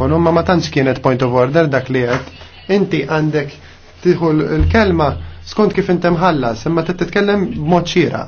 mikrofonu, ma ma tantx kienet point of order dak li għed. Inti għandek tiħu l-kelma skont kif intem ħallas, imma titkellem b'mod xira.